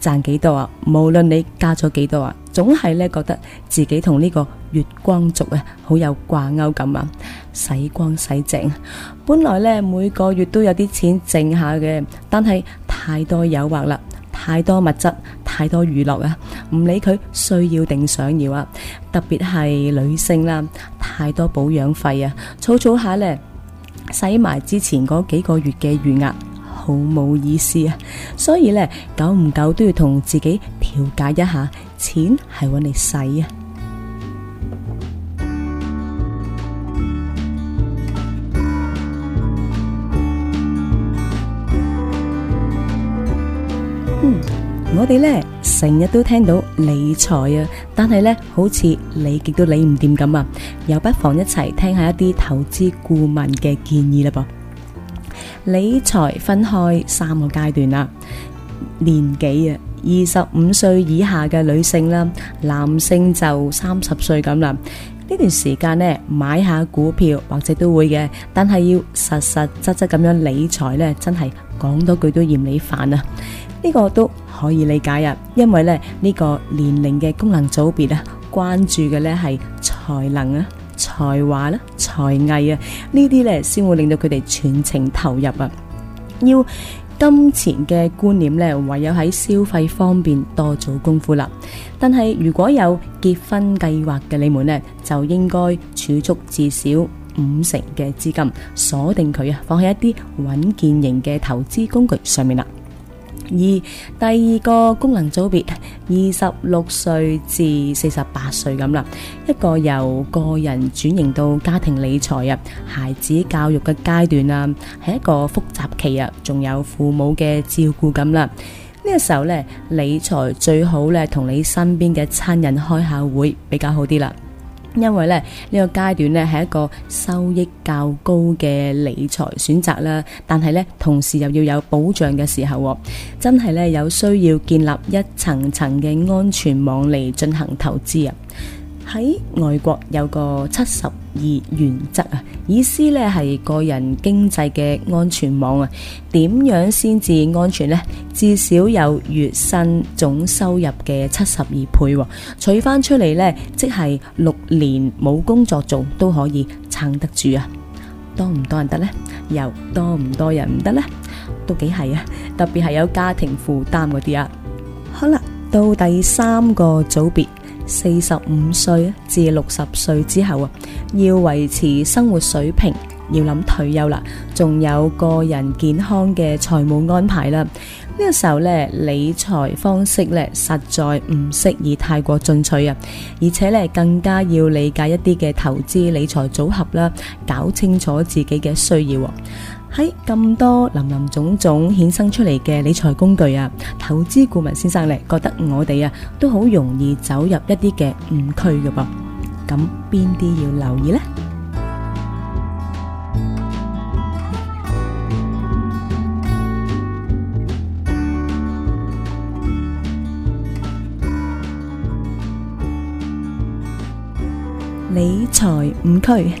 賺幾多啊？無論你加咗幾多啊，總係咧覺得自己同呢個月光族啊好有掛鈎感啊，洗光洗淨。本來呢，每個月都有啲錢剩下嘅，但係太多誘惑啦，太多物質，太多娛樂啊，唔理佢需要定想要啊。特別係女性啦，太多保養費啊，儲儲下呢，使埋之前嗰幾個月嘅餘額。好冇意思啊！所以呢，久唔久都要同自己調解一下，錢係揾嚟使啊！嗯，我哋呢成日都聽到理財啊，但係呢好似理極都理唔掂咁啊！又不妨一齊聽下一啲投資顧問嘅建議啦噃。理財分開三個階段啦，年紀啊，二十五歲以下嘅女性啦，男性就三十歲咁啦。呢段時間呢，買下股票或者都會嘅，但係要實實質質咁樣理財咧，真係講多句都嫌你煩啊！呢個都可以理解啊，因為咧呢個年齡嘅功能組別啊，關注嘅咧係才能啊。才華啦，才藝啊，呢啲咧先會令到佢哋全情投入啊。要金錢嘅觀念咧，唯有喺消費方面多做功夫啦。但係如果有結婚計劃嘅你們呢，就應該儲足至少五成嘅資金，鎖定佢啊，放喺一啲穩健型嘅投資工具上面啦。二第二個功能組別，二十六歲至四十八歲咁啦，一個由個人轉型到家庭理財啊，孩子教育嘅階段啊，係一個複雜期啊，仲有父母嘅照顧咁啦。呢個時候呢，理財最好咧同你身邊嘅親人開下會比較好啲啦。因為咧呢個階段咧係一個收益較高嘅理財選擇啦，但係呢同時又要有保障嘅時候喎，真係呢有需要建立一層層嘅安全網嚟進行投資啊。喺外國有個七十二原則啊，意思呢係個人經濟嘅安全網啊，點樣先至安全呢？至少有月薪總收入嘅七十二倍，取翻出嚟呢，即係六年冇工作做都可以撐得住啊！多唔多人得呢？又多唔多人唔得呢？都幾係啊！特別係有家庭負擔嗰啲啊！好啦，到第三個組別。四十五歲至六十歲之後啊，要維持生活水平，要諗退休啦，仲有個人健康嘅財務安排啦。呢個時候咧，理財方式咧實在唔適宜太過進取啊，而且咧更加要理解一啲嘅投資理財組合啦，搞清楚自己嘅需要。喺咁多林林種種衍生出嚟嘅理財工具啊，投資顧問先生咧覺得我哋啊都好容易走入一啲嘅誤區㗎噃，咁邊啲要留意呢？理財誤區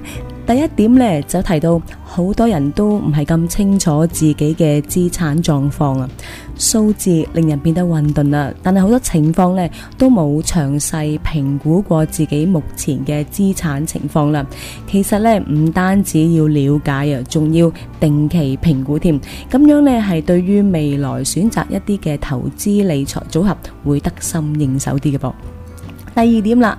第一點咧就提到。好多人都唔係咁清楚自己嘅資產狀況啊，數字令人變得混沌啦。但係好多情況呢，都冇詳細評估過自己目前嘅資產情況啦。其實呢，唔單止要了解啊，仲要定期評估添。咁樣呢，係對於未來選擇一啲嘅投資理財組合會得心應手啲嘅噃。第二點啦，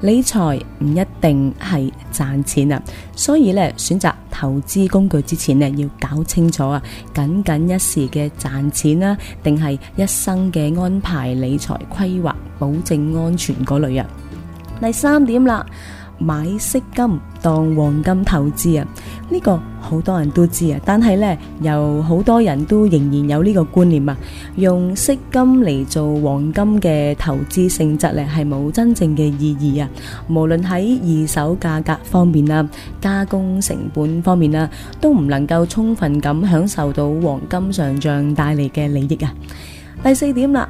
理財唔一定係賺錢啊，所以呢，選擇。投資工具之前咧，要搞清楚啊，僅僅一時嘅賺錢啦，定係一生嘅安排理財規劃，保證安全嗰類啊。第三點啦。買色金當黃金投資啊，呢個好多人都知啊，但係呢，有好多人都仍然有呢個觀念啊，用色金嚟做黃金嘅投資性質咧，係冇真正嘅意義啊。無論喺二手價格方面啦，加工成本方面啦，都唔能夠充分咁享受到黃金上漲帶嚟嘅利益啊。第四點啦。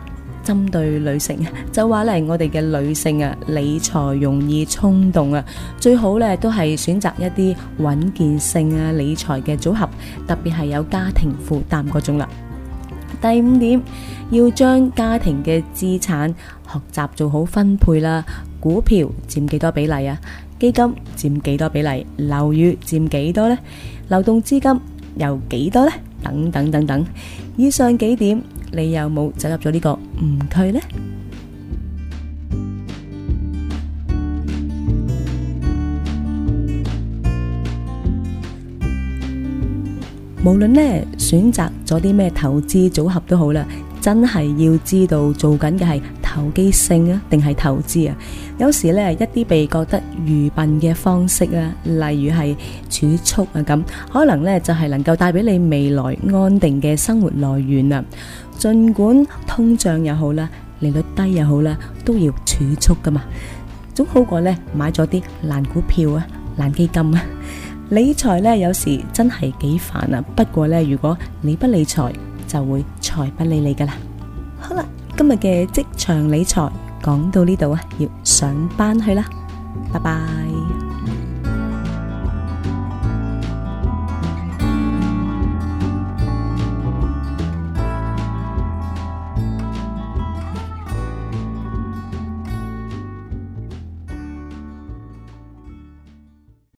針對女性，就話咧，我哋嘅女性啊，理財容易衝動啊，最好咧都係選擇一啲穩健性啊理財嘅組合，特別係有家庭負擔嗰種啦。第五點，要將家庭嘅資產學習做好分配啦，股票佔幾多比例啊？基金佔幾多比例？樓宇佔幾多咧？流動資金有幾多咧？等等等等，以上幾點。你有冇走入咗呢個誤區呢？無論咧選擇咗啲咩投資組合都好啦，真係要知道做緊嘅係。投機性啊，定係投資啊？有時呢，一啲被覺得愚笨嘅方式啊，例如係儲蓄啊咁，可能呢就係能夠帶俾你未來安定嘅生活來源啊。盡管通脹又好啦，利率低又好啦，都要儲蓄噶嘛，總好過呢買咗啲爛股票啊、爛基金啊。理財呢有時真係幾煩啊，不過呢，如果你不理財，就會財不理你噶啦。好啦。今日嘅職場理財講到呢度，要上班去啦，拜拜。